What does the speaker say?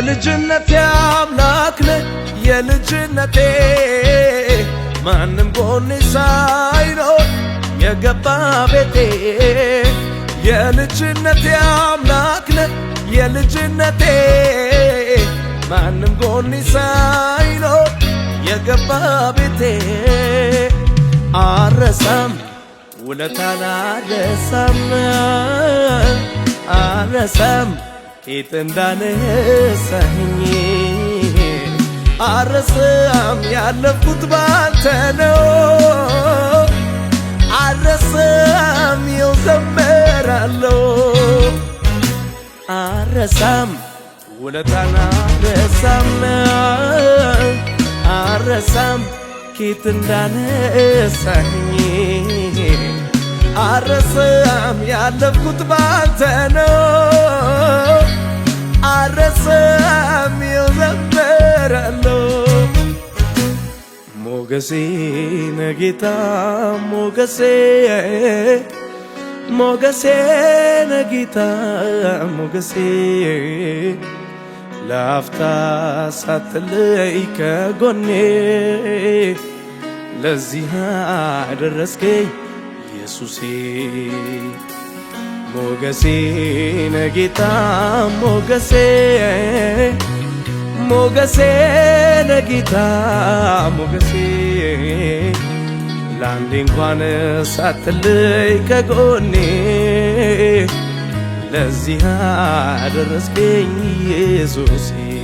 የልጅነቴ አምላክ ነ የልጅነቴ ማንም ጎን ሳይኖር የገባ ቤቴ የልጅነቴ አምላክ ነ የልጅነቴ ማንም ጎን ሳይኖር የገባ ቤቴ አረሳም ውለታን አረሳም አረሳም ቂጥ እንዳነሳኝ አረሳም ያለፍኩት ባንተ ነው አረሳም የው ዘመራለው አረሳም ውለታን አረሳም አረሳም ቂጥ እንዳነሳኝ አረሳም ያለፍኩት ባንተ ነው ሞገሴ ነጌታ ሞገሴ ሞገሴ ነጌታ ሞገሴ ለአፍታ ሳትለይ ከጎኔ ለዚህ አደረስከኝ ኢየሱሴ ሞገሴ ነጌታ ሞገሴ ሞገሴ ነጌታ ሞገሴ ለአንዴ እንኳን ሳትለይ ከጎኔ ለዚህ አደረስከኝ ኢየሱሴ